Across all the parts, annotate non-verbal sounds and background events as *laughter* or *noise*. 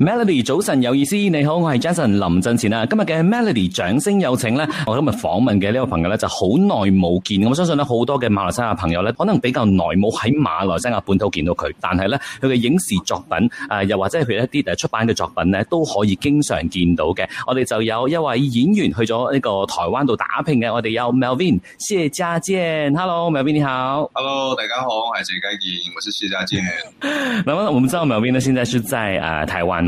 Melody，早晨有意思，你好，我係 Jason 林振前啊。今日嘅 Melody 掌聲有請咧，我今日訪問嘅呢個朋友咧，就好耐冇見。我相信咧，好多嘅馬來西亞朋友咧，可能比較耐冇喺馬來西亞本土見到佢，但係咧佢嘅影視作品，誒，又或者佢一啲出版嘅作品咧，都可以經常見到嘅。我哋就有一位演員去咗呢個台灣度打拼嘅，我哋有 Melvin 謝佳見，Hello，Melvin 你好，Hello 大家好，我係謝佳見，我是謝佳見。那麼我們知道 Melvin 呢，現在是在誒台灣。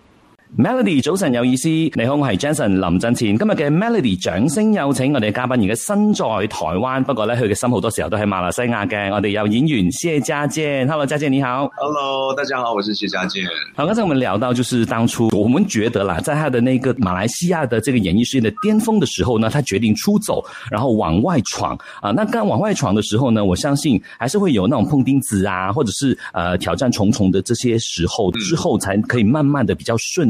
Melody 早晨有意思，你好，我係 Jason 林振前。今日嘅 Melody 掌聲有請我哋嘅嘉賓，而家身在台灣，不過呢，佢嘅心好多時候都喺馬來西亞嘅我哋有演員謝佳見，Hello 佳見你好，Hello 大家好，我是謝佳見。好，剛才我們聊到就是當初我們覺得啦，在他的那個馬來西亞的這個演藝事業的巔峰的時候呢，他決定出走，然後往外闖啊、呃。那剛往外闖的時候呢，我相信還是會有那種碰釘子啊，或者是呃挑戰重重的這些時候，之後才可以慢慢的比較順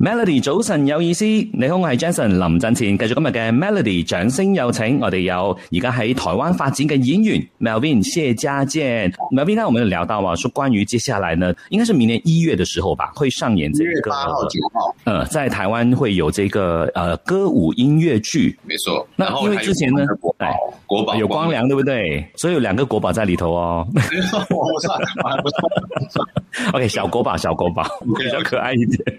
Melody 早晨有意思， *music* 你好，我係 Jason 林振前，繼續今日嘅 Melody 掌聲有請，我哋有而家喺台灣發展嘅演員 Melvin 謝佳見，Melvin 剛才我哋聊到啊，說關於接下來呢，應該是明年一月嘅時候吧，會上演呢一個一嗯，在台灣會有這個誒、呃、歌舞音樂劇，沒錯，那因為之前呢，誒國寶對、啊、有光良對不對？所以有兩個國寶在裡頭哦。O K 小國寶小國寶，國寶 *laughs* okay, okay. 比較可愛一點。